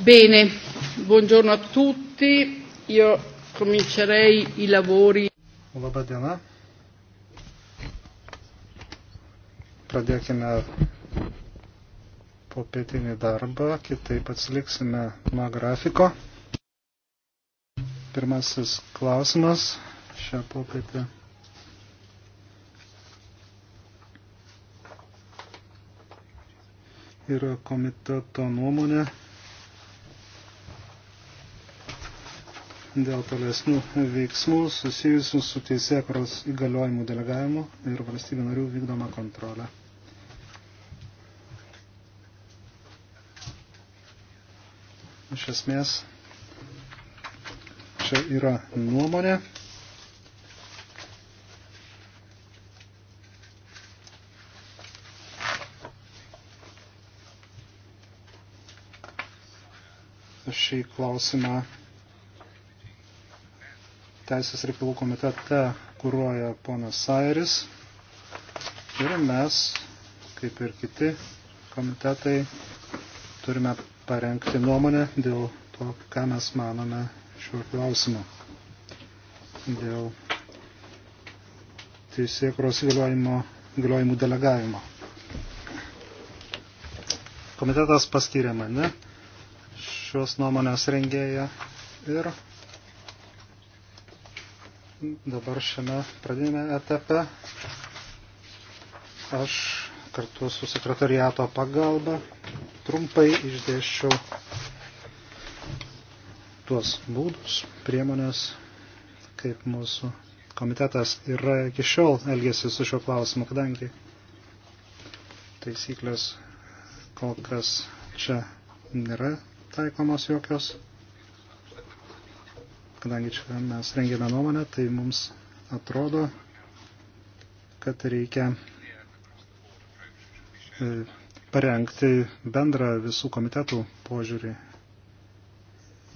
Bene, buongiorno a tutti. Io comincerei i lavori. Labą dieną. Pradėkime popietinį darbą, kitaip atsiliksime nuo grafiko. Pirmasis klausimas šią popietę. yra komiteto nuomonė dėl tolesnių veiksmų susijusių su teisėkros įgaliojimų delegavimu ir valstybių narių vykdoma kontrolė. Iš esmės, čia yra nuomonė. šį klausimą Teisės reikalų komitete kūruoja ponas Sairis. Ir mes, kaip ir kiti komitetai, turime parengti nuomonę dėl to, ką mes manome šiuo klausimu. Dėl teisėkros galiojimų delegavimo. Komitetas pastyrė mane šios nuomonės rengėją ir dabar šiame pradinėme etape aš kartu su sekretariato pagalba trumpai išdėščiau tuos būdus, priemonės, kaip mūsų komitetas yra iki šiol elgesi su šiuo klausimu, kadangi taisyklės kol kas čia nėra taikomos jokios. Kadangi čia mes rengėme nuomonę, tai mums atrodo, kad reikia e, parengti bendrą visų komitetų požiūrį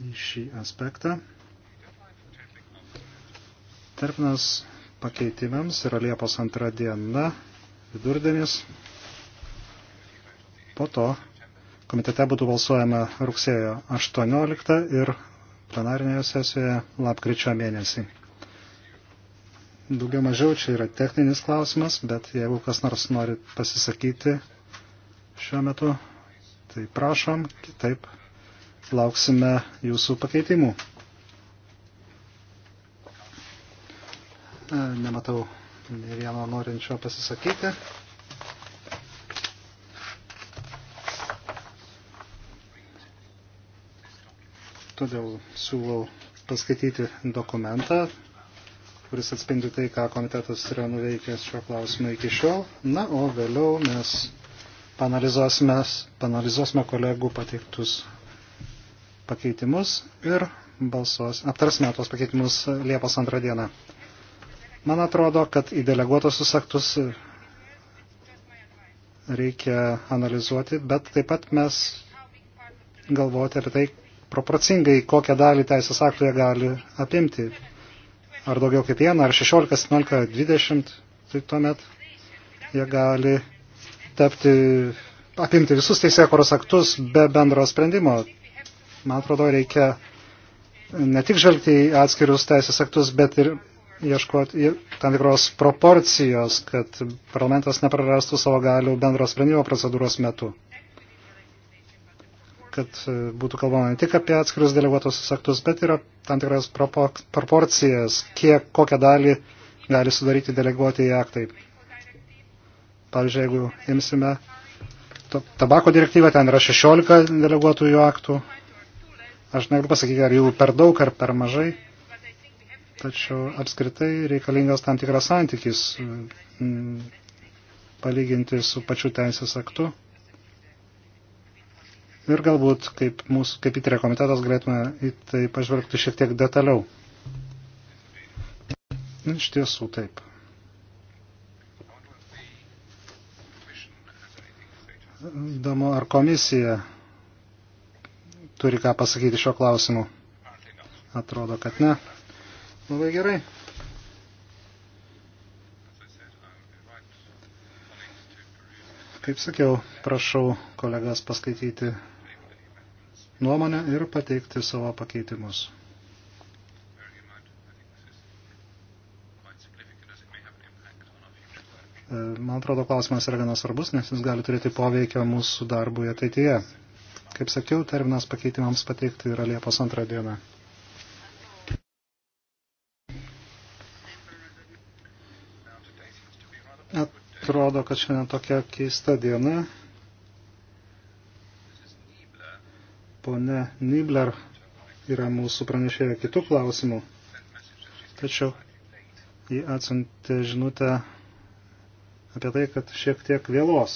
į šį aspektą. Terminas pakeitimams yra Liepos antra diena, vidurdienis. Po to komitete būtų balsuojama rugsėjo 18 ir plenarinėje sesijoje lapkričio mėnesį. Daugiau mažiau čia yra techninis klausimas, bet jeigu kas nors nori pasisakyti šiuo metu, tai prašom, kitaip lauksime jūsų pakeitimų. Nematau ne vieno norinčio pasisakyti. Todėl siūlau paskaityti dokumentą, kuris atspindi tai, ką komitetas yra nuveikęs šiuo klausimu iki šiol. Na, o vėliau mes panalizuosime, panalizuosime kolegų pateiktus pakeitimus ir balsuos, aptarsime tos pakeitimus Liepos antrą dieną. Man atrodo, kad į deleguotosius aktus reikia analizuoti, bet taip pat mes galvoti ir tai, proporcingai, kokią dalį teisės aktų jie gali apimti. Ar daugiau kaip vieną, ar 16, 17, 20, tai tuomet jie gali tapti, apimti visus teisėkoros aktus be bendro sprendimo. Man atrodo, reikia ne tik žvelgti į atskirius teisės aktus, bet ir ieškoti tam tikros proporcijos, kad parlamentas neprarastų savo galių bendro sprendimo procedūros metu kad e, būtų kalbama ne tik apie atskirius deleguotusius aktus, bet ir tam tikras proporcijas, kiek, kokią dalį gali sudaryti deleguoti į aktai. Pavyzdžiui, jeigu imsime tabako direktyvą, ten yra 16 deleguotųjų aktų. Aš negaliu pasakyti, ar jų per daug, ar per mažai. Tačiau apskritai reikalingas tam tikras santykis palyginti su pačiu teisės aktu ir galbūt kaip, mūsų, kaip įtrė komitetas galėtume į tai pažvelgti šiek tiek detaliau. Iš tiesų taip. Įdomu, ar komisija turi ką pasakyti šio klausimu. Atrodo, kad ne. Labai gerai. Kaip sakiau, prašau kolegas paskaityti nuomonę ir pateikti savo pakeitimus. E, man atrodo, klausimas yra gana svarbus, nes jis gali turėti poveikio mūsų darbui ateityje. Kaip sakiau, terminas pakeitimams pateikti yra Liepos antrą dieną. Atrodo, kad šiandien tokia keista diena. Pone Nibler yra mūsų pranešėja kitų klausimų, tačiau jį atsiuntė žinutę apie tai, kad šiek tiek vėlos.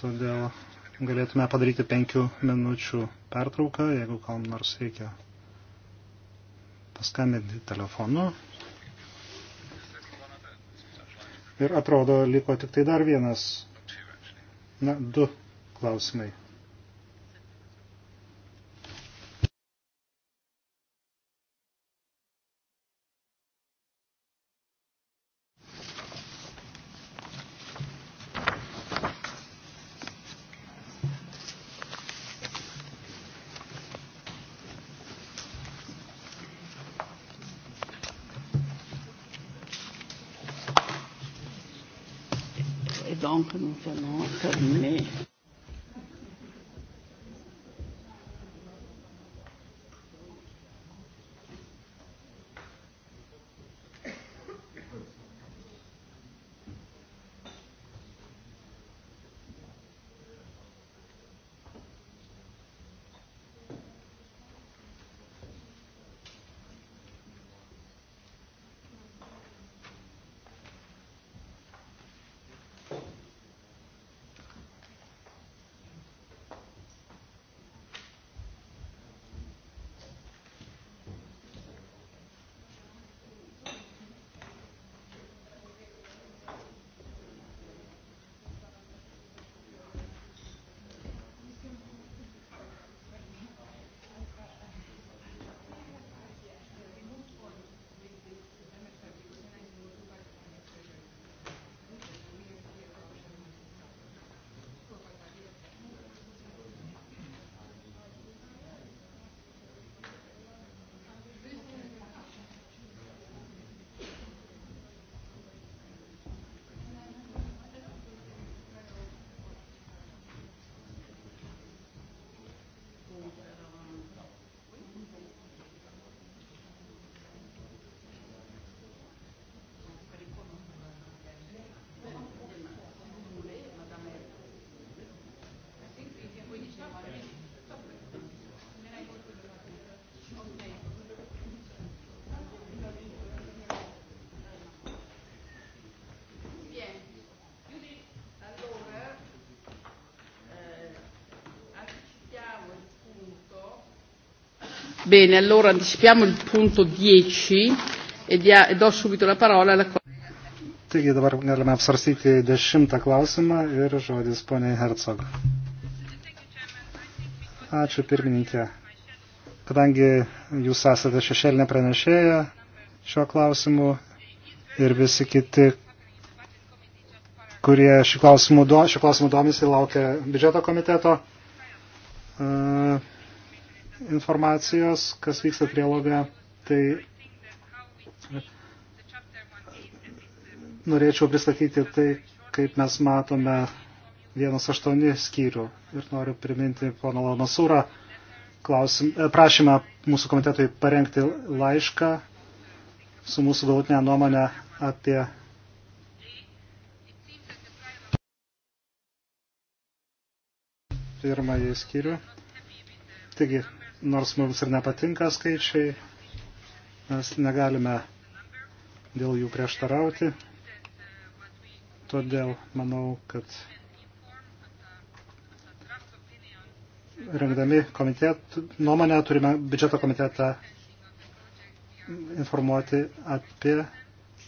Todėl galėtume padaryti penkių minučių pertrauką, jeigu kam nors reikia paskambinti telefonu. Ir atrodo, liko tik tai dar vienas, na, du klausimai. donc nous allons terminer. Bene, allora anticipiamo il punto 10 e, dia, e do subito la parola alla Taigi dabar galime apsvarstyti dešimtą klausimą ir žodis poniai Hercog. Ačiū pirmininkė. Kadangi jūs esate šešėlinė pranešėja šiuo klausimu ir visi kiti, kurie šiuo klausimu, do, šiuo klausimu domisi, laukia biudžeto komiteto informacijos, kas vyksta trialoge, tai norėčiau pristatyti tai, kaip mes matome 1.8 skyrių. Ir noriu priminti pono Lamasūrą e, prašymą mūsų komitetui parengti laišką su mūsų galutinė nuomonė apie pirmąjį skyrių. Taigi, nors mums ir nepatinka skaičiai, mes negalime dėl jų prieštarauti. Todėl manau, kad rengdami komitet, nuomonę turime biudžeto komitetą informuoti apie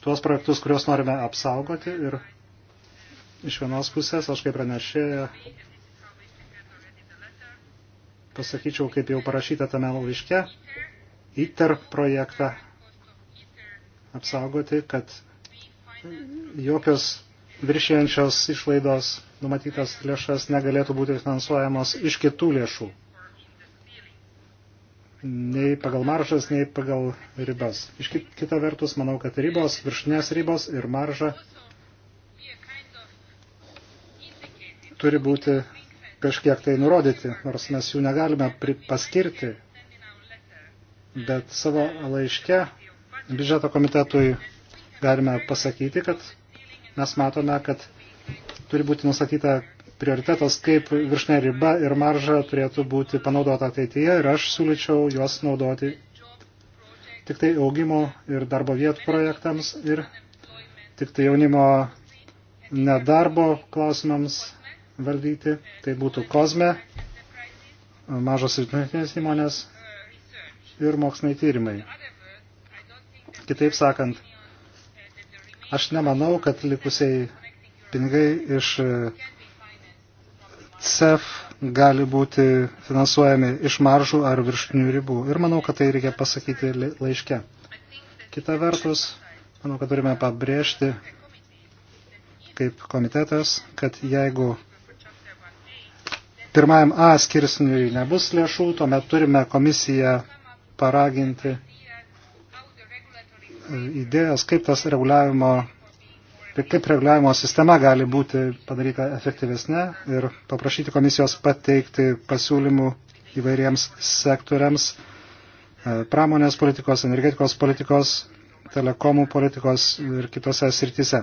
tuos projektus, kuriuos norime apsaugoti ir iš vienos pusės aš kaip pranešėja pasakyčiau, kaip jau parašyta tame laiške, ITER projektą apsaugoti, kad jokios viršienčios išlaidos numatytas lėšas negalėtų būti finansuojamos iš kitų lėšų. Nei pagal maržas, nei pagal ribas. Iš kita vertus, manau, kad ribos, viršinės ribos ir marža turi būti kažkiek tai nurodyti, nors mes jų negalime paskirti. Bet savo laiške biudžeto komitetui galime pasakyti, kad mes matome, kad turi būti nustatyta prioritetas, kaip viršnė riba ir marža turėtų būti panaudota ateityje ir aš siūlyčiau juos naudoti tik tai augimo ir darbo vietų projektams ir tik tai jaunimo nedarbo klausimams valdyti, tai būtų Kozme, mažos ir vidutinės įmonės ir moksliniai tyrimai. Kitaip sakant, aš nemanau, kad likusiai pinigai iš e, CEF gali būti finansuojami iš maržų ar viršutinių ribų. Ir manau, kad tai reikia pasakyti laiške. Kita vertus, manau, kad turime pabrėžti kaip komitetas, kad jeigu pirmajam A skirsniui nebus lėšų, tuomet turime komisiją paraginti e, idėjas, kaip tas reguliavimo, kaip reguliavimo sistema gali būti padaryta efektyvesnė ir paprašyti komisijos pateikti pasiūlymų įvairiems sektoriams e, pramonės politikos, energetikos politikos, telekomų politikos ir kitose srityse.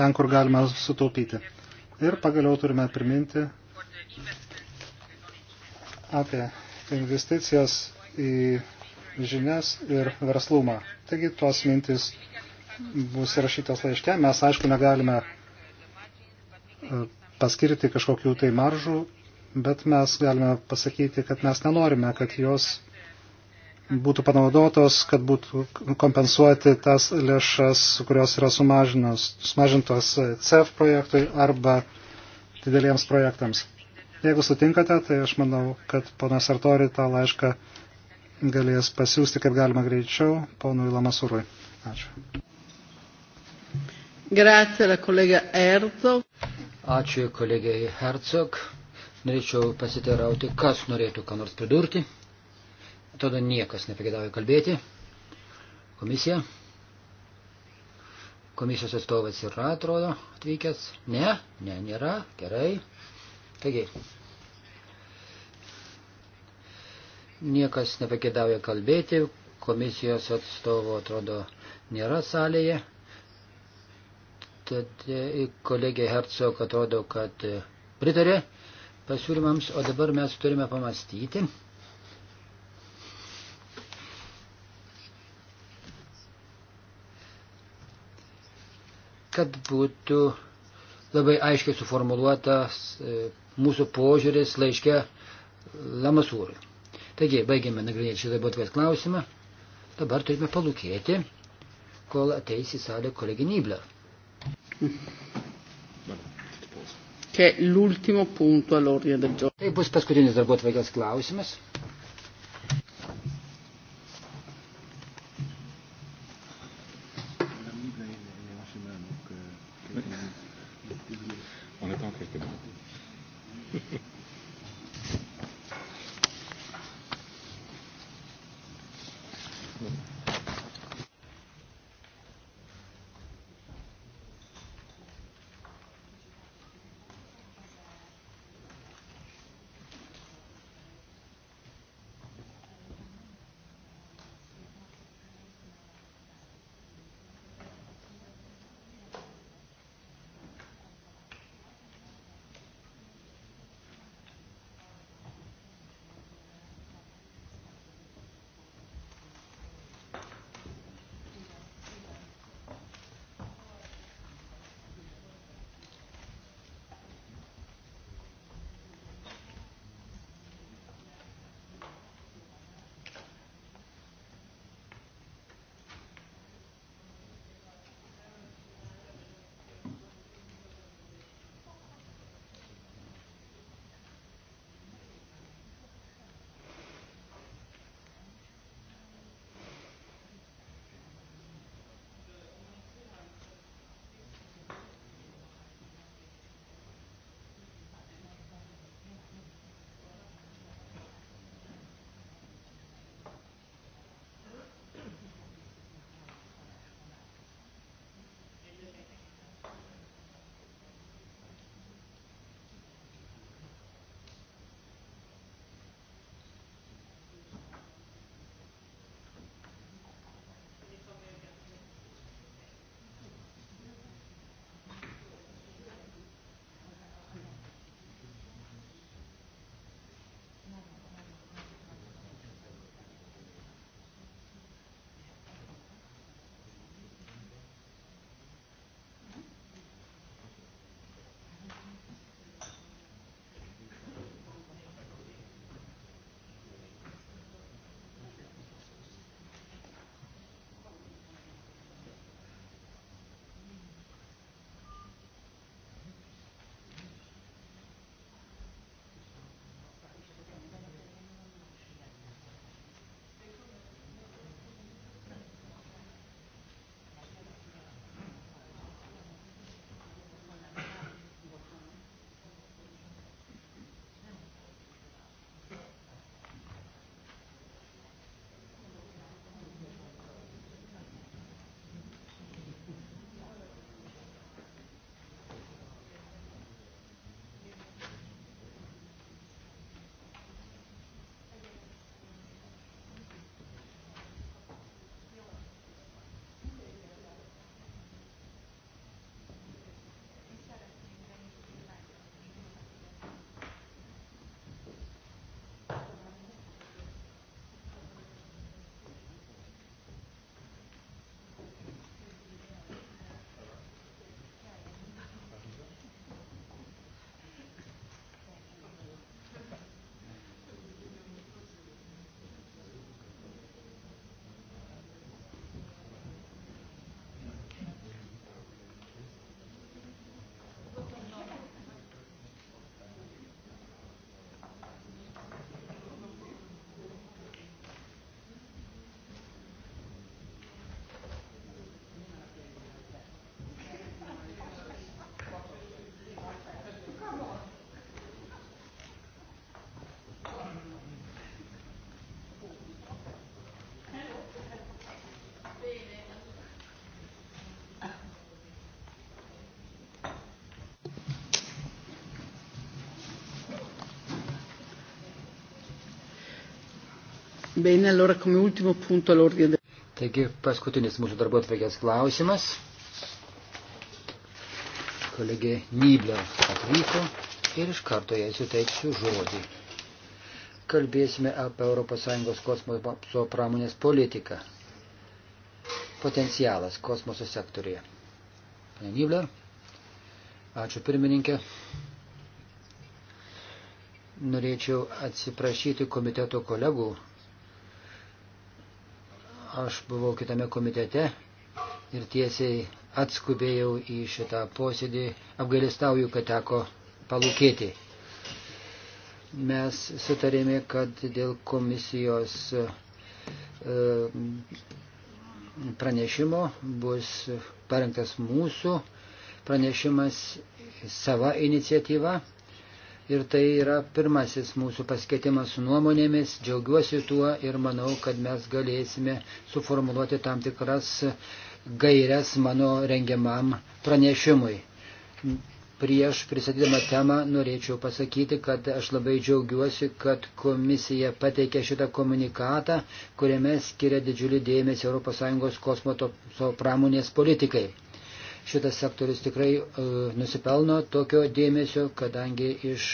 ten, kur galima sutaupyti. Ir pagaliau turime priminti apie investicijas į žinias ir verslumą. Taigi tuos mintis bus įrašytas laiške. Mes, aišku, negalime e, paskirti kažkokių tai maržų, bet mes galime pasakyti, kad mes nenorime, kad jos būtų panaudotos, kad būtų kompensuoti tas lėšas, kurios yra sumažintos CEF projektui arba dideliems projektams. Jeigu sutinkate, tai aš manau, kad ponas Artori tą laišką galės pasiūsti kaip galima greičiau ponui Lamasurui. Ačiū. Grazie, la kolega Herzog. Ačiū kolegai Herzog. Norėčiau pasiteirauti, kas norėtų ką nors pridurti. Tada niekas nepagėdavo kalbėti. Komisija. Komisijos atstovas yra, atrodo, atvykęs. Ne, ne, nėra. Gerai. Taigi. Niekas nepagėdavo kalbėti. Komisijos atstovo, atrodo, nėra salėje. Tad e, kolegė Hercog atrodo, kad e, pritarė pasiūlymams, o dabar mes turime pamastyti. kad būtų labai aiškiai suformuluotas e, mūsų požiūris laiške Lamasūrui. Taigi, baigėme nagrinėti šį darbuotojas klausimą. Dabar turime palūkėti, kol ateis į salę kolegė Nybler. Tai bus paskutinis darbuotojas klausimas. Okay, genau. Bene, allora come ultimo punto all'ordine. Taigi, paskutinis mūsų darbo atvegės klausimas. Kolegė Nyblė atvyko ir iš karto jai suteiksiu žodį. Kalbėsime apie ES kosmoso pramonės politiką. Potencialas kosmoso sektorija. Pane Nyblė, ačiū pirmininkė norėčiau atsiprašyti komiteto kolegų Aš buvau kitame komitete ir tiesiai atskubėjau į šitą posėdį. Apgailestauju, kad teko palūkėti. Mes sutarėme, kad dėl komisijos e, pranešimo bus parengtas mūsų pranešimas sava iniciatyva ir tai yra pirmasis mūsų pasikeitimas su nuomonėmis. Džiaugiuosi tuo ir manau, kad mes galėsime suformuluoti tam tikras gairias mano rengiamam pranešimui. Prieš pristatydama temą norėčiau pasakyti, kad aš labai džiaugiuosi, kad komisija pateikė šitą komunikatą, kuriame skiria didžiulį dėmesį ES kosmoso pramonės politikai. Šitas sektorius tikrai e, nusipelno tokio dėmesio, kadangi iš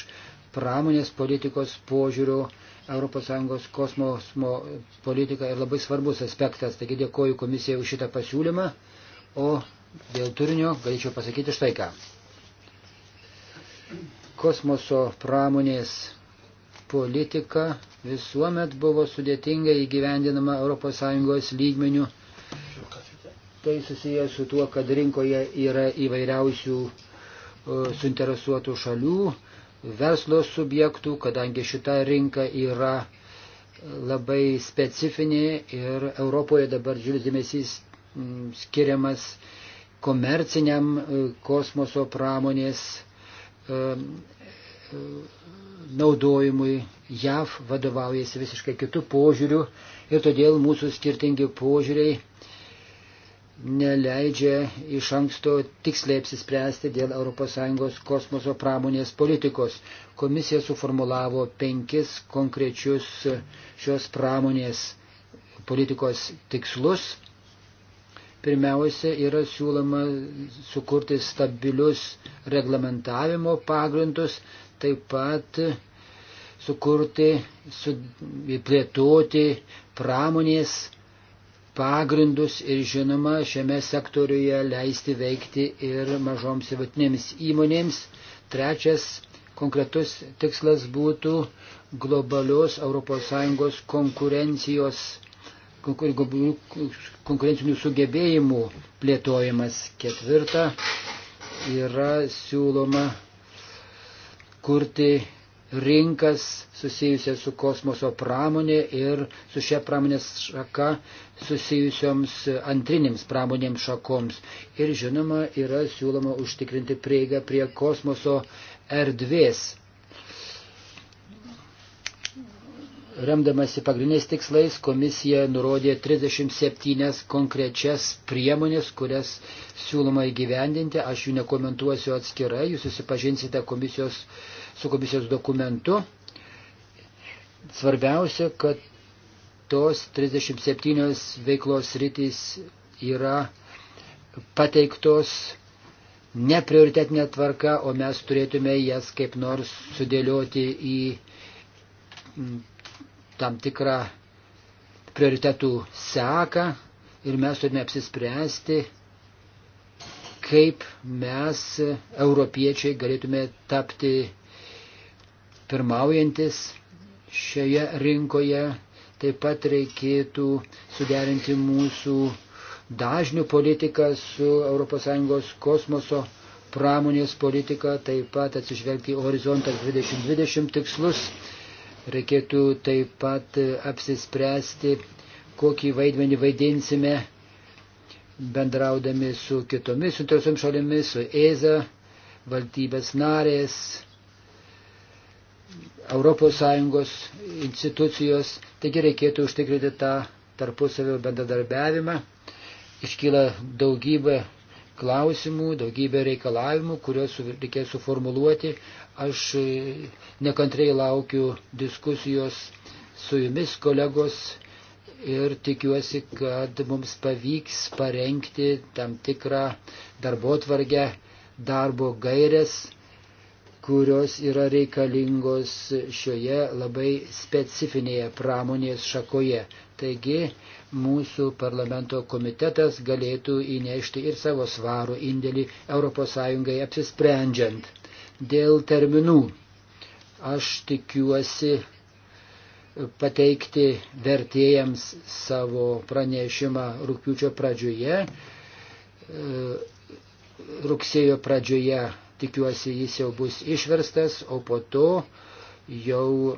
pramonės politikos požiūrio ES kosmosmo politika yra labai svarbus aspektas. Taigi dėkoju komisijai už šitą pasiūlymą, o dėl turinio galėčiau pasakyti štai ką. Kosmoso pramonės politika visuomet buvo sudėtingai įgyvendinama ES lygmenių Tai susijęs su tuo, kad rinkoje yra įvairiausių e, suinteresuotų šalių, verslo subjektų, kadangi šita rinka yra e, labai specifinė ir Europoje dabar žiūrės dėmesys skiriamas komerciniam e, kosmoso pramonės naudojimui. JAV vadovaujasi visiškai kitų požiūrių ir todėl mūsų skirtingi požiūriai neleidžia iš anksto tiksliai apsispręsti dėl ES kosmoso pramonės politikos. Komisija suformulavo penkis konkrečius šios pramonės politikos tikslus. Pirmiausia, yra siūloma sukurti stabilius reglamentavimo pagrindus, taip pat sukurti, plėtoti pramonės pagrindus ir žinoma šiame sektoriuje leisti veikti ir mažoms ir vatinėms įmonėms. Trečias konkretus tikslas būtų globalios ES konkurencijos konkurencinių sugebėjimų plėtojimas. Ketvirta yra siūloma kurti rinkas susijusias su kosmoso pramonė ir su šia pramonės šaka susijusioms antrinėms pramonėms šakoms. Ir žinoma, yra siūloma užtikrinti prieigą prie kosmoso erdvės Remdamasi pagrindiniais tikslais, komisija nurodė 37 konkrečias priemonės, kurias siūloma įgyvendinti. Aš jų nekomentuosiu atskirai, jūs susipažinsite komisijos, su komisijos dokumentu. Svarbiausia, kad tos 37 veiklos rytis yra pateiktos neprioritetinė tvarka, o mes turėtume jas kaip nors sudėlioti į tam tikrą prioritetų seką ir mes turime apsispręsti, kaip mes, europiečiai, galėtume tapti pirmaujantis šioje rinkoje. Taip pat reikėtų suderinti mūsų dažnių politiką su ES kosmoso pramonės politika, taip pat atsižvelgti į horizontas 2020 tikslus Reikėtų taip pat apsispręsti, kokį vaidmenį vaidinsime bendraudami su kitomis suinteresuomis šalimis, su EZA, valstybės narės, ES institucijos. Taigi reikėtų užtikrinti tą tarpusavio bendradarbiavimą. Iškyla daugybė klausimų, daugybė reikalavimų, kuriuos reikės suformuluoti. Aš e, nekantrai laukiu diskusijos su jumis, kolegos, ir tikiuosi, kad mums pavyks parengti tam tikrą darbo tvargę, darbo gairės kurios yra reikalingos šioje labai specifinėje pramonės šakoje. Taigi mūsų parlamento komitetas galėtų įnešti ir savo svarų indėlį ES apsisprendžiant. Dėl terminų aš tikiuosi pateikti vertėjams savo pranešimą rūpiučio pradžioje e, rugsėjo pradžioje Tikiuosi, jis jau bus išverstas, o po to jau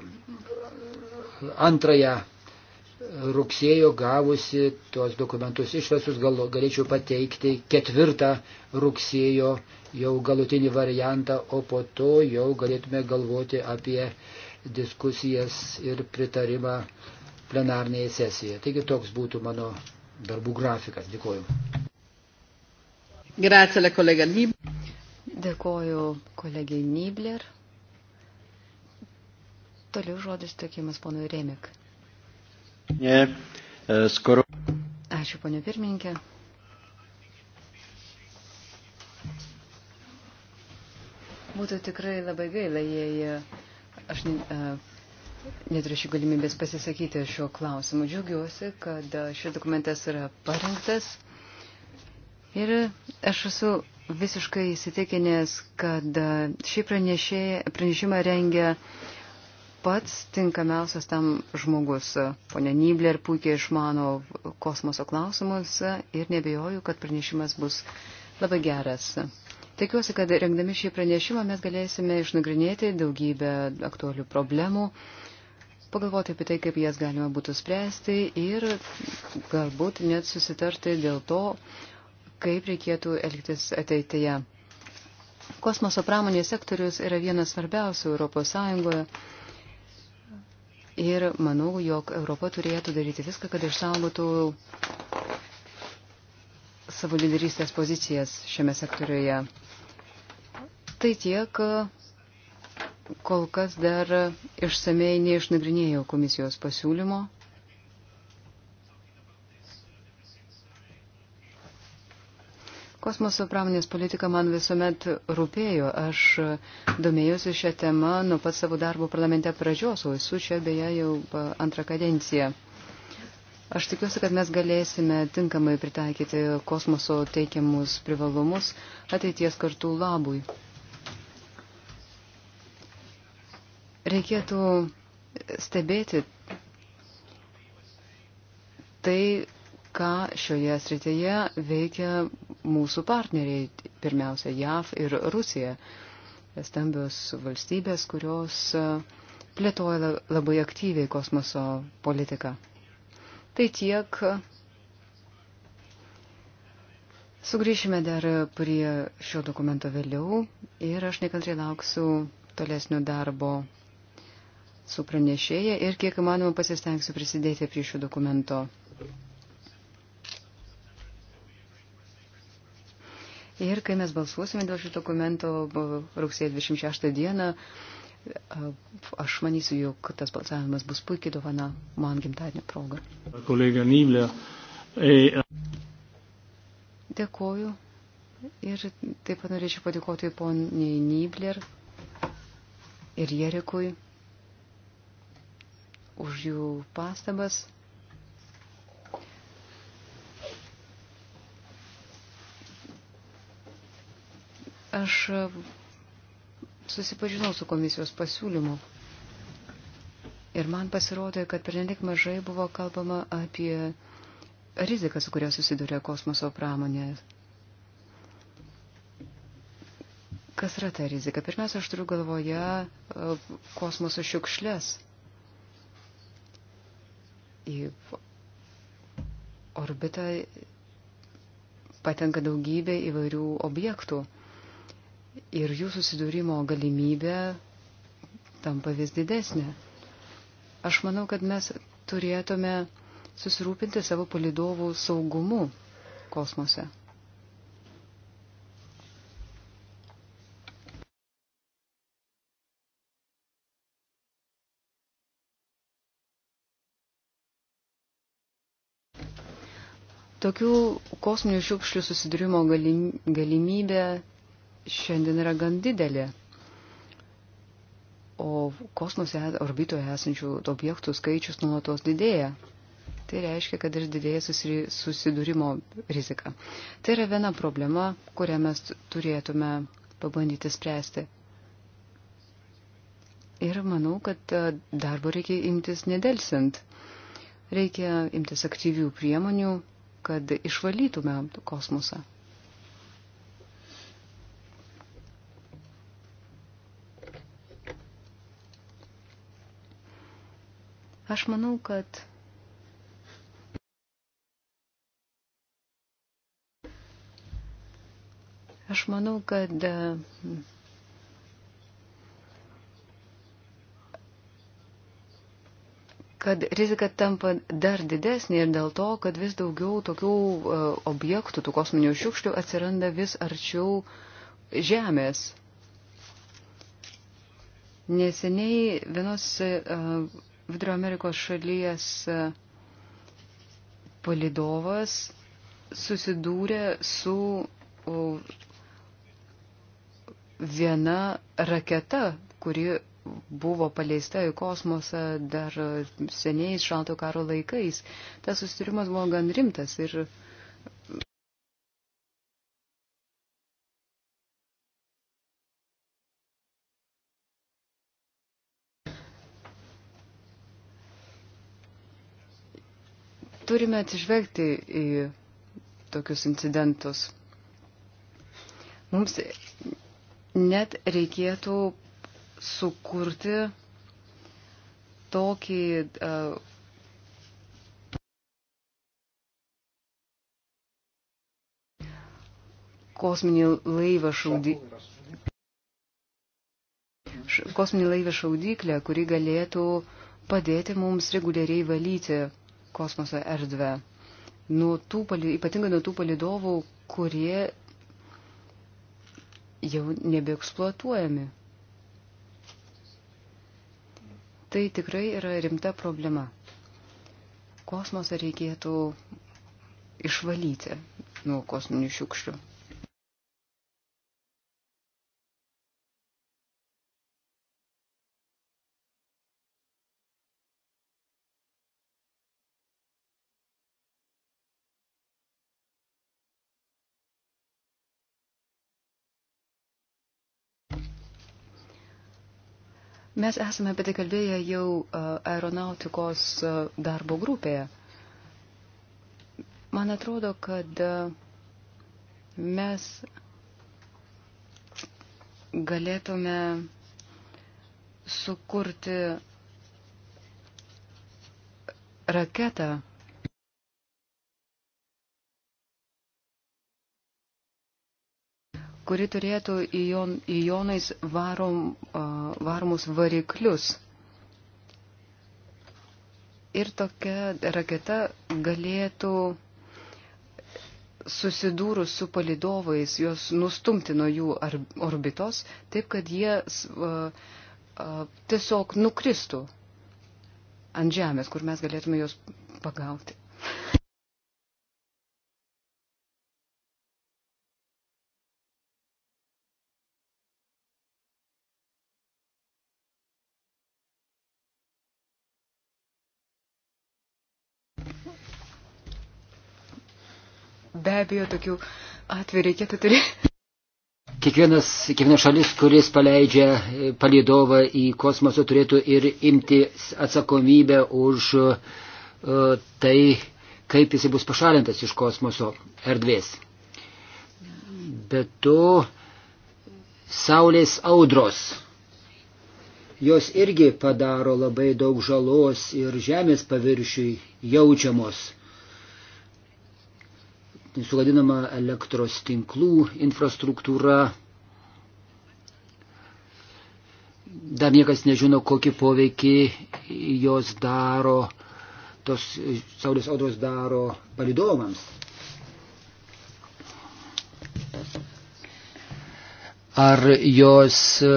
antrąją rugsėjo gavusi tuos dokumentus išversus, gal, galėčiau pateikti ketvirtą rugsėjo jau galutinį variantą, o po to jau galėtume galvoti apie diskusijas ir pritarimą plenarnėje sesijoje. Taigi toks būtų mano darbų grafikas. Dėkuoju. Grazie, kolega Lib. Dėkoju kolegijai Nibler. Toliau žodis tokiamas ponui Remik. Ne, e, skoro. Ačiū, ponio pirmininkė. Būtų tikrai labai gaila, jei e, aš e, neturėčiau galimybės pasisakyti šiuo klausimu. Džiaugiuosi, kad šis dokumentas yra parengtas. Ir aš esu visiškai įsitikinęs, kad šį pranešimą rengia pats tinkamiausias tam žmogus. Pone Nibler puikiai išmano kosmoso klausimus ir nebejoju, kad pranešimas bus labai geras. Tikiuosi, kad rengdami šį pranešimą mes galėsime išnagrinėti daugybę aktualių problemų, pagalvoti apie tai, kaip jas galima būtų spręsti ir galbūt net susitarti dėl to, kaip reikėtų elgtis ateityje. Kosmoso pramonės sektorius yra vienas svarbiausių ES ir manau, jog Europa turėtų daryti viską, kad išsaugotų savo lyderystės pozicijas šiame sektoriuje. Tai tiek, kol kas dar išsamei neišnagrinėjau komisijos pasiūlymo. Kosmoso pramonės politika man visuomet rūpėjo. Aš domėjusi šią temą nuo pat savo darbo parlamente pradžios, o esu čia beje jau antrą kadenciją. Aš tikiuosi, kad mes galėsime tinkamai pritaikyti kosmoso teikiamus privalumus ateities kartų labui. Reikėtų stebėti tai, ką šioje srityje veikia mūsų partneriai, pirmiausia JAV ir Rusija, stambios valstybės, kurios e, plėtoja labai aktyviai kosmoso politiką. Tai tiek. Sugrįšime dar prie šio dokumento vėliau ir aš nekantriai lauksiu tolesnio darbo su pranešėja ir kiek įmanoma pasistengsiu prisidėti prie šio dokumento. Ir kai mes balsuosime dėl šio dokumento rugsėjo 26 dieną, aš manysiu, jog tas balsavimas bus puikiai dovana man gimtadienio proga. Kolega Nyblė. E... e. Dėkuoju. Ir taip pat norėčiau padėkoti poniai Nybler ir Jerikui už jų pastabas. aš susipažinau su komisijos pasiūlymu. Ir man pasirodė, kad pernelik mažai buvo kalbama apie riziką, su kuria susiduria kosmoso pramonė. Kas yra ta rizika? Pirmiausia, aš turiu galvoje e, kosmoso šiukšlės. Į orbitą patenka daugybė įvairių objektų ir jų susidūrimo galimybė tampa vis didesnė. Aš manau, kad mes turėtume susirūpinti savo palidovų saugumu kosmose. Tokių kosminių šiukšlių susidūrimo galimybė šiandien yra gan didelė. O kosmose orbitoje esančių objektų skaičius nuolatos didėja. Tai reiškia, kad ir didėja susidūrimo rizika. Tai yra viena problema, kurią mes turėtume pabandyti spręsti. Ir manau, kad e, darbo reikia imtis nedelsint. Reikia imtis aktyvių priemonių, kad išvalytume kosmosą. Aš manau, kad Aš manau, kad e, kad rizika tampa dar didesnė ir dėl to, kad vis daugiau tokių e, objektų, tų kosminių šiukšlių atsiranda vis arčiau Žemės. Neseniai vienos uh, Vidurio Amerikos šalies e, palidovas susidūrė su viena raketa, kuri buvo paleista į kosmosą dar seniais šalto karo laikais. Tas susitarimas buvo gan rimtas ir uh, turime atsižvelgti į tokius incidentus. Mums net reikėtų sukurti tokį uh, kosminį laivą šaudyklę. Kosminį laivą šaudyklę, kuri galėtų padėti mums reguliariai valyti kosmoso erdvę. Nuo tų, ypatingai nuo tų palidovų, kurie jau nebeeksploatuojami. Tai tikrai yra rimta problema. Kosmosą reikėtų išvalyti nuo kosminių šiukšlių. Mes esame apie tai kalbėję jau e, aeronautikos e, darbo grupėje. Man atrodo, kad e, mes galėtume sukurti raketą, kuri turėtų į, jon, į jonais varom, varomus variklius. Ir tokia raketa galėtų susidūrus su palidovais, juos nustumti nuo jų orbitos, taip kad jie a, a, tiesiog nukristų ant žemės, kur mes galėtume juos pagauti. be abejo, tokių atvejų reikėtų turėti. Kiekvienas, kiekviena šalis, kuris paleidžia e, palidovą į kosmosą, turėtų ir imti atsakomybę už e, tai, kaip jisai bus pašalintas iš kosmoso erdvės. Bet to saulės audros, jos irgi padaro labai daug žalos ir žemės paviršiui jaučiamos sugadinama elektros tinklų infrastruktūra. Dar niekas nežino, kokį poveikį jos daro, tos saulės audros daro palidovams. Ar jos e,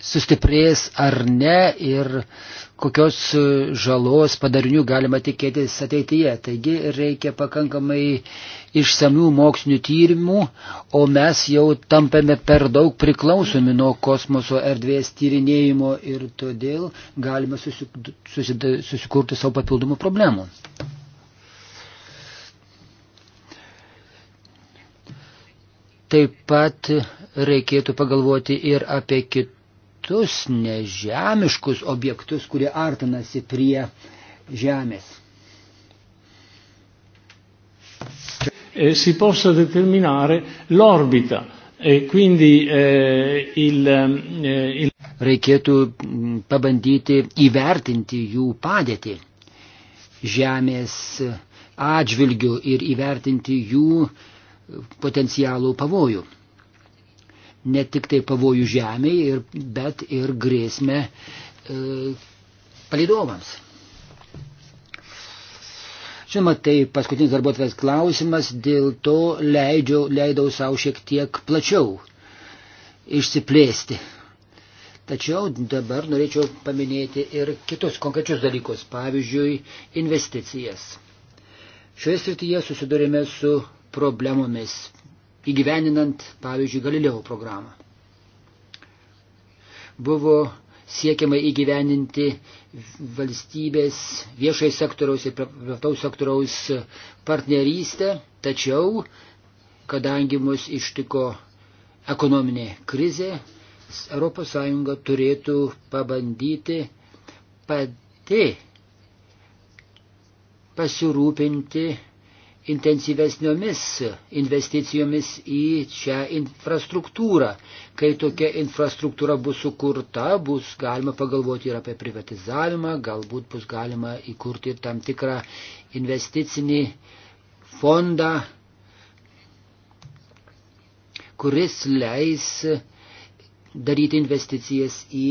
sustiprės ar ne ir kokios žalos padarinių galima tikėtis ateityje. Taigi reikia pakankamai išsamių mokslinių tyrimų, o mes jau tampame per daug priklausomi nuo kosmoso erdvės tyrinėjimo ir todėl galime susikurti savo papildomų problemų. Taip pat reikėtų pagalvoti ir apie kitų objektus, nežemiškus objektus, kurie artinasi prie žemės. E si possa determinare l'orbita e quindi eh, il, eh, il. Reikėtų mm, pabandyti įvertinti jų padėtį Žemės atžvilgių ir įvertinti jų potencialų pavojų ne tik tai pavojų žemėje, bet ir grėsmę e, palidovams. Žinoma, tai paskutinis darbuotojas klausimas, dėl to leidžiau, leidau savo šiek tiek plačiau išsiplėsti. Tačiau dabar norėčiau paminėti ir kitus konkrečius dalykus, pavyzdžiui, investicijas. Šioje srityje susidurime su problemomis įgyveninant, pavyzdžiui, Galileo programą. Buvo siekiama įgyveninti valstybės viešai sektoriaus ir privataus sektoriaus partnerystę, tačiau, kadangi mus ištiko ekonominė krizė, ES turėtų pabandyti pati pasirūpinti intensyvesniomis investicijomis į šią infrastruktūrą. Kai tokia infrastruktūra bus sukurta, bus galima pagalvoti ir apie privatizavimą, galbūt bus galima įkurti ir tam tikrą investicinį fondą, kuris leis daryti investicijas į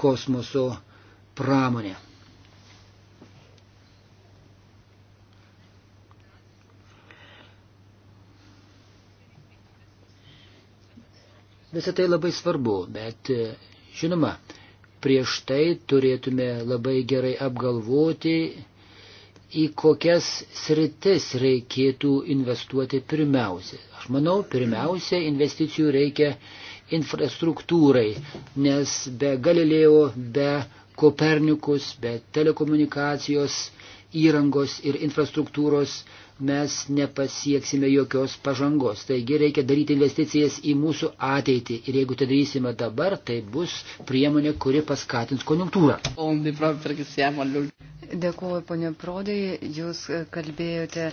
kosmoso pramonę. Visą tai labai svarbu, bet e, žinoma, prieš tai turėtume labai gerai apgalvoti, į kokias sritis reikėtų investuoti pirmiausia. Aš manau, pirmiausia investicijų reikia infrastruktūrai, nes be Galilėjo, be Kopernikus, be telekomunikacijos įrangos ir infrastruktūros mes nepasieksime jokios pažangos. Taigi reikia daryti investicijas į mūsų ateitį. Ir jeigu tai darysime dabar, tai bus priemonė, kuri paskatins konjunktūrą. Dėkuoju, ponė Prodai, jūs kalbėjote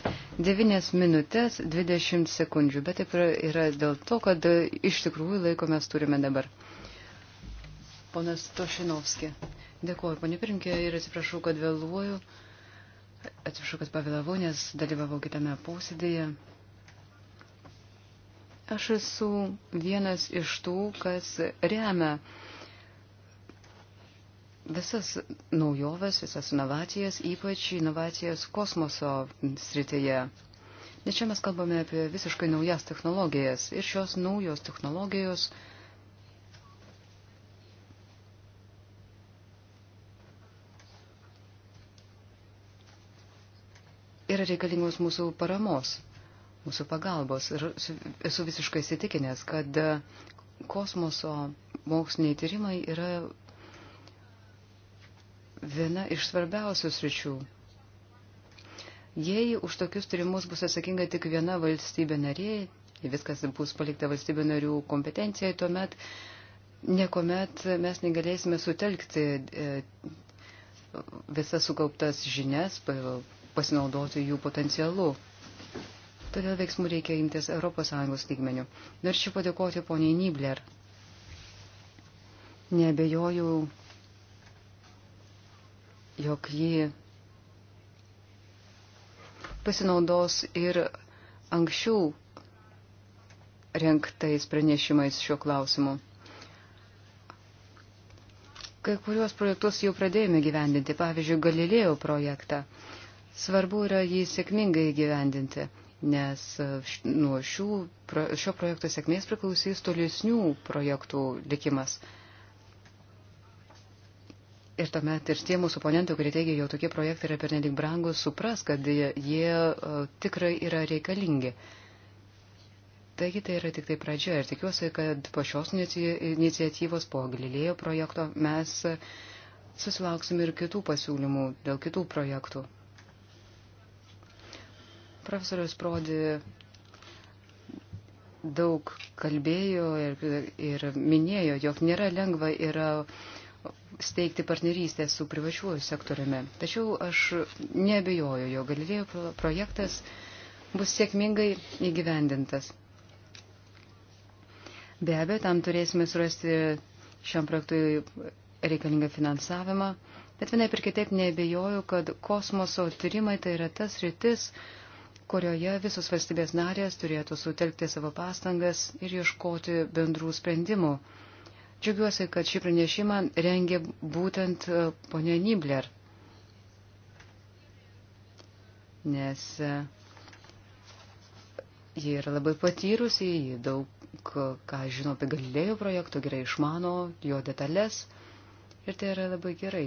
9 minutės 20 sekundžių, bet taip yra dėl to, kad iš tikrųjų laiko mes turime dabar. Ponas Tošinovski. Dėkuoju, ponė Pirinkė, ir atsiprašau, kad vėluoju. Atsiprašau, kad pavėlavau, nes dalyvavau kitame posėdėje. Aš esu vienas iš tų, kas remia visas naujoves, visas inovacijas, ypač inovacijas kosmoso srityje. Nes čia mes kalbame apie visiškai naujas technologijas ir šios naujos technologijos uh, yra reikalingos mūsų paramos, mūsų pagalbos. Ir esu visiškai įsitikinęs, kad e, kosmoso moksliniai tyrimai yra viena iš svarbiausių sričių. Jei už tokius tyrimus bus atsakinga tik viena valstybė narė, viskas bus palikta valstybė narių kompetencijai, tuomet niekuomet mes negalėsime sutelkti e, visas sukauptas žinias, pasinaudoti jų potencialu. Todėl veiksmų reikia imtis ES lygmenių. Norėčiau padėkoti poniai Nibler. Nebejoju, jog ji pasinaudos ir anksčiau renktais pranešimais šiuo klausimu. Kai kuriuos projektus jau pradėjome gyvendinti, pavyzdžiui, Galilėjo projektą. Svarbu yra jį sėkmingai gyvendinti, nes e, nuo šių, šio projekto sėkmės priklausys tolesnių projektų likimas. Ir tuomet ir tie mūsų oponentai, kurie teigia, jau tokie projektai yra pernelik brangus, supras, kad jie e, tikrai yra reikalingi. Taigi tai yra tik tai pradžia ir tikiuosi, kad po šios iniciatyvos, po Galilėjo projekto mes e, susilauksime ir kitų pasiūlymų dėl kitų projektų. Profesorius Prodi daug kalbėjo ir, ir minėjo, jog nėra lengva yra steigti partnerystę su privačiuoju sektoriumi. Tačiau aš nebejoju, jo Galilėjo projektas bus sėkmingai įgyvendintas. Be abejo, tam turėsime surasti šiam projektui reikalingą finansavimą, bet vienaip ir kitaip nebejoju, kad kosmoso tyrimai tai yra tas rytis, kurioje visos valstybės narės turėtų sutelkti savo pastangas ir ieškoti bendrų sprendimų. Džiaugiuosi, kad šį pranešimą rengė būtent e, ponė Nibler, nes e, ji yra labai patyrusi, ji daug ką žino apie galilėjų projektų, gerai išmano jo detalės ir tai yra labai gerai.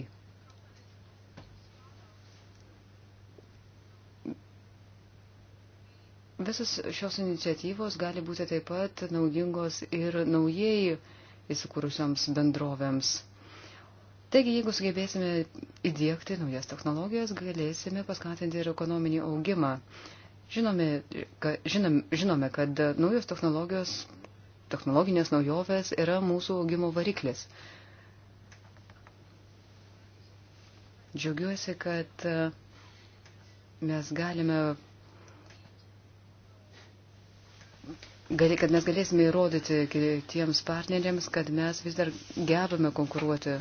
Visos šios iniciatyvos gali būti taip pat naudingos ir naujai įsikūrusioms bendrovėms. Taigi, jeigu sugebėsime įdėkti naujas technologijas, galėsime paskatinti ir ekonominį augimą. Žinome, ka, žinom, žinome kad naujos technologijos, technologinės naujovės yra mūsų augimo variklis. Džiaugiuosi, kad mes galime gali, kad mes galėsime įrodyti tiems partneriams, kad mes vis dar gebame konkuruoti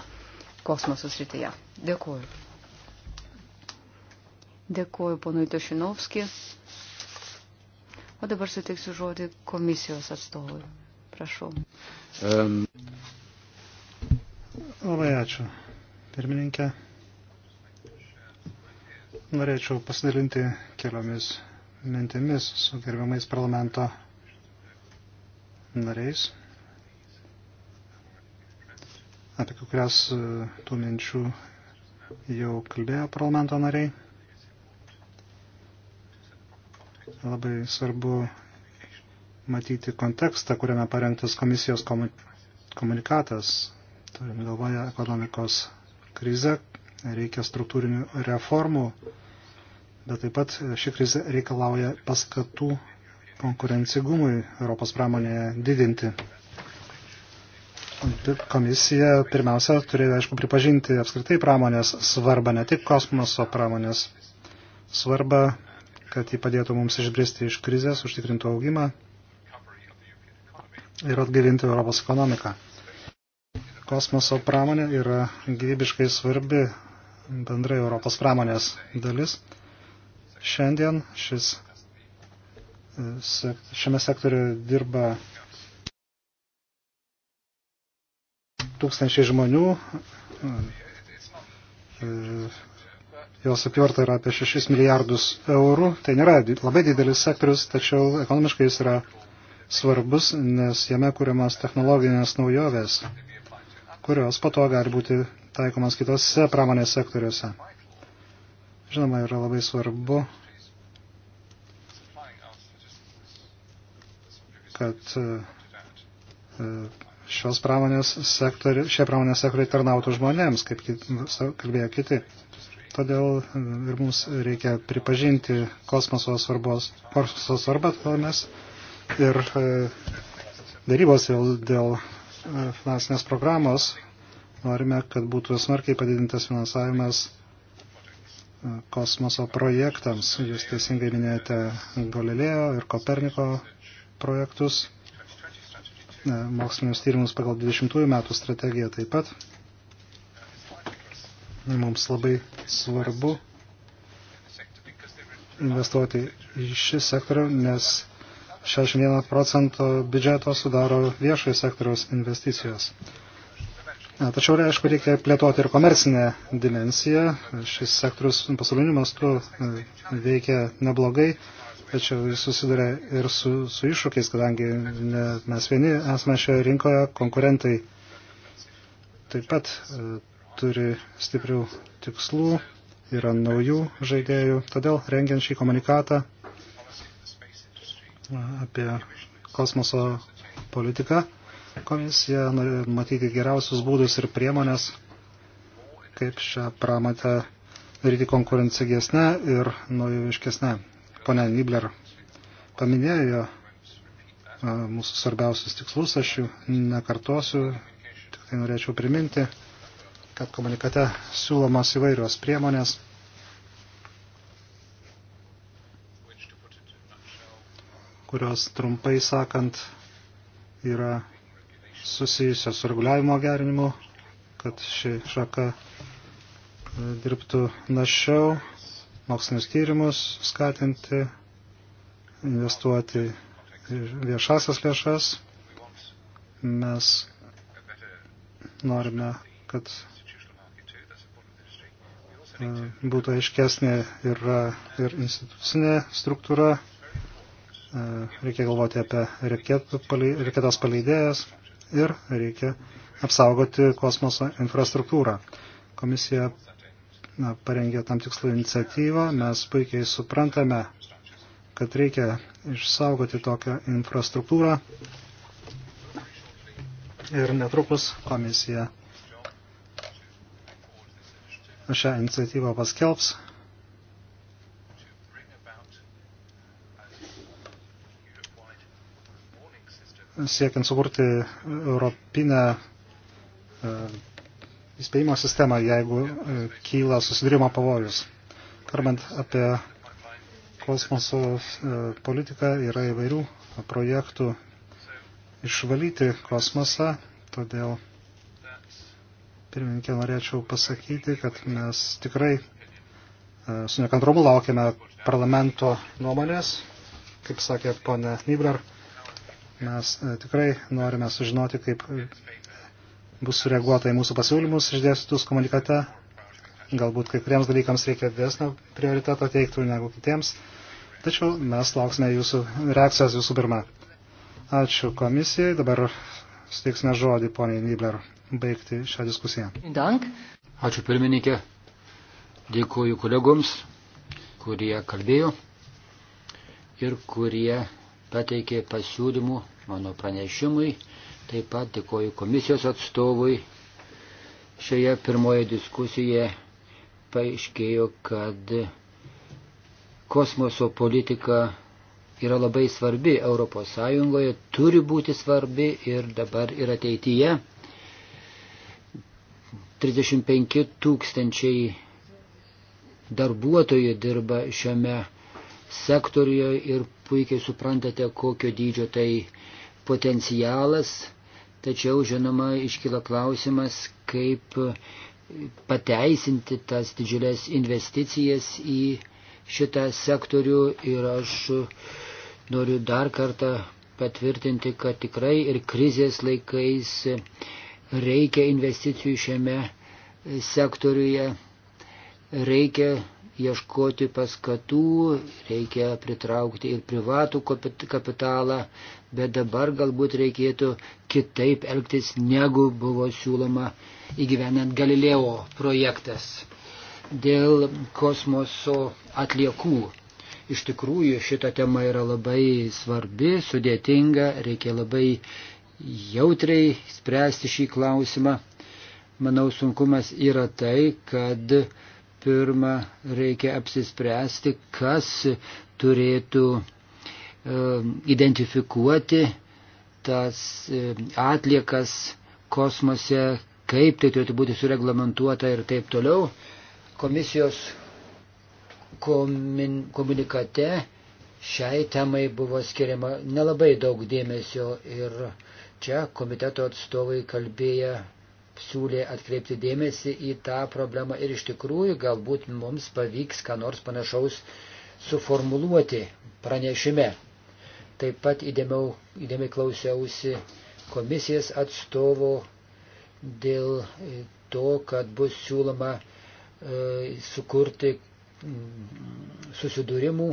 kosmoso srityje. Dėkuoju. Dėkuoju ponui Tošinovski. O dabar suteiksiu žodį komisijos atstovui. Prašau. Um. Labai ačiū, pirmininkė. Norėčiau pasidalinti keliomis mintimis su gerbiamais parlamento nariais, apie kurias e, tų minčių jau kalbėjo parlamento nariai. Labai svarbu matyti kontekstą, kuriame parengtas komisijos komunikatas. Turime galvoje ekonomikos krizę, reikia struktūrinių reformų, bet taip pat ši krizė reikalauja paskatų konkurencigumui Europos pramonėje didinti. Komisija pirmiausia turėjo, aišku, pripažinti apskritai pramonės svarbą, ne tik kosmoso pramonės svarbą, kad jį padėtų mums išbristi iš krizės, užtikrintų augimą ir atgaivinti Europos ekonomiką. Kosmoso pramonė yra gyvybiškai svarbi bendrai Europos pramonės dalis. Šiandien šis šiame sektoriu dirba tūkstančiai žmonių. Jos apjorta yra apie 6 milijardus eurų. Tai nėra labai didelis sektorius, tačiau ekonomiškai jis yra svarbus, nes jame kūriamas technologinės naujovės, kurios po to gali būti taikomas kitose pramonės sektoriuose. Žinoma, yra labai svarbu kad e, e, šios pramonės sektori, šie pramonės sektoriai tarnautų žmonėms, kaip kalbėjo kiti. Todėl e, ir mums reikia pripažinti kosmoso svarbos, kosmoso svarbą, todėl mes ir darybos dėl, dėl finansinės programos norime, kad būtų smarkiai padidintas finansavimas kosmoso projektams. Jūs teisingai minėjote Galilėjo ir Koperniko projektus, e, mokslinius tyrimus pagal 20 metų strategiją taip pat. Mums labai svarbu investuoti į šį sektorių, nes 61 procento biudžeto sudaro viešojo sektoriaus investicijos. E, tačiau, aišku, reikia plėtoti ir komercinę dimensiją. Šis sektorius pasauliniu mastu e, veikia neblogai tačiau jis susiduria ir su, su iššūkiais, kadangi ne, mes vieni esame šioje rinkoje, konkurentai taip pat e, turi stiprių tikslų, yra naujų žaidėjų, todėl rengiant šį komunikatą e, apie kosmoso politiką, komisija nori matyti geriausius būdus ir priemonės, kaip šią pramatę daryti konkurencingesnę ir naujoviškesnę ponia Nibler paminėjo mūsų svarbiausius tikslus, aš jų nekartosiu, tik tai norėčiau priminti, kad komunikate siūlomas įvairios priemonės, kurios trumpai sakant yra susijusios su reguliavimo gerinimu, kad ši šaka dirbtų našiau, mokslinius tyrimus, skatinti, investuoti viešasias lėšas. Mes norime, kad e, būtų aiškesnė ir, ir institucinė struktūra. E, reikia galvoti apie reketas paleidėjas ir reikia apsaugoti kosmoso infrastruktūrą. Komisija na, parengė tam tikslų iniciatyvą. Mes puikiai suprantame, kad reikia išsaugoti tokią infrastruktūrą. Ir netrukus komisija šią iniciatyvą paskelbs. siekiant sukurti europinę e, įspėjimo sistemą, jeigu e, kyla susidūrimo pavojus. Kalbant apie kosmoso e, politiką, yra įvairių projektų išvalyti kosmosą, todėl pirmininkė norėčiau pasakyti, kad mes tikrai e, su nekantrumu laukiame parlamento nuomonės, kaip sakė ponė Nibrar, mes tikrai norime sužinoti, kaip bus sureaguota į mūsų pasiūlymus išdėstytus komunikate. Galbūt kai kuriems dalykams reikia didesnio prioriteto teiktų negu kitiems. Tačiau mes lauksime jūsų reakcijos visų pirma. Ačiū komisijai. Dabar suteiksime žodį poniai Nibler baigti šią diskusiją. Dank. Ačiū pirmininkė. Dėkuoju kolegoms, kurie kalbėjo ir kurie pateikė pasiūlymų mano pranešimui. Taip pat dėkoju komisijos atstovui. Šioje pirmoje diskusijoje paaiškėjo, kad kosmoso politika yra labai svarbi Europos Sąjungoje, turi būti svarbi ir dabar ir ateityje. 35 tūkstančiai darbuotojų dirba šiame sektoriuje ir puikiai suprantate, kokio dydžio tai potencialas. Tačiau, žinoma, iškyla klausimas, kaip pateisinti tas didžiulės investicijas į šitą sektorių ir aš noriu dar kartą patvirtinti, kad tikrai ir krizės laikais reikia investicijų šiame sektoriuje, reikia ieškoti paskatų, reikia pritraukti ir privatų kapitalą, bet dabar galbūt reikėtų kitaip elgtis, negu buvo siūloma įgyvenant Galileo projektas dėl kosmoso atliekų. Iš tikrųjų, šita tema yra labai svarbi, sudėtinga, reikia labai jautriai spręsti šį klausimą. Manau, sunkumas yra tai, kad pirma reikia apsispręsti, kas turėtų e, identifikuoti tas e, atliekas kosmose, kaip tai turėtų būti sureglamentuota ir taip toliau. Komisijos komunikate šiai temai buvo skiriama nelabai daug dėmesio ir čia komiteto atstovai kalbėję siūlė atkreipti dėmesį į tą problemą ir iš tikrųjų galbūt mums pavyks ką nors panašaus suformuluoti pranešime. Taip pat įdėmiau, įdėmiai klausiausi komisijos atstovo dėl to, kad bus siūloma e, sukurti mm, susidūrimų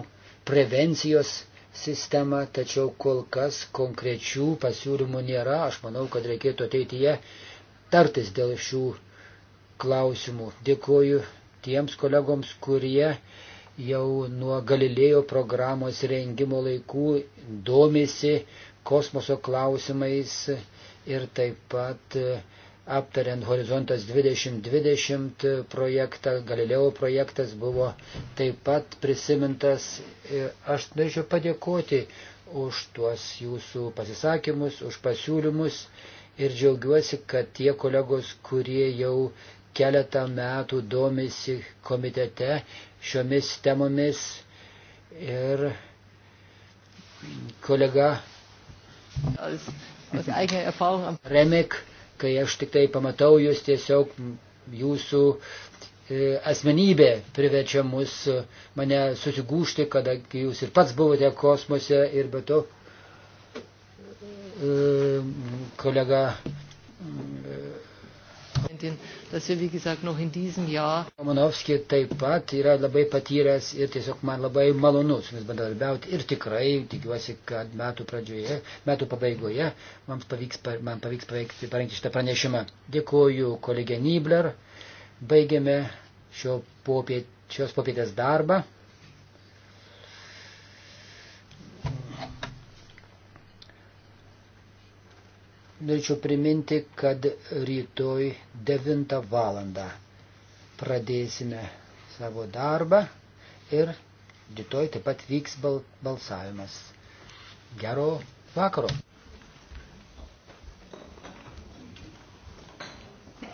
prevencijos sistemą, tačiau kol kas konkrečių pasiūlymų nėra. Aš manau, kad reikėtų ateityje tartis dėl šių klausimų. Dėkuoju tiems kolegoms, kurie jau nuo Galilėjo programos rengimo laikų domisi kosmoso klausimais ir taip pat e, aptariant Horizontas 2020 projektą, Galileo projektas buvo taip pat prisimintas. E, aš norėčiau padėkoti už tuos jūsų pasisakymus, už pasiūlymus ir džiaugiuosi, kad tie kolegos, kurie jau keletą metų domisi komitete šiomis temomis ir kolega Remek, kai aš tik tai pamatau jūs tiesiog jūsų e, asmenybė priverčia mus e, mane susigūšti, kadangi jūs ir pats buvote kosmose ir be to Äh, kolega Romanovski taip pat yra labai patyręs ir tiesiog man labai malonu su jumis bendradarbiauti ir tikrai tikiuosi, kad metų pradžioje, metų pabaigoje man pavyks, man pavyks paveikti, parengti šitą pranešimą. Dėkuoju kolegė Nibler, baigiame šio popiet, šios popietės darbą. norėčiau priminti, kad rytoj 9 valandą pradėsime savo darbą ir rytoj taip pat vyks bal balsavimas. Gero vakaro.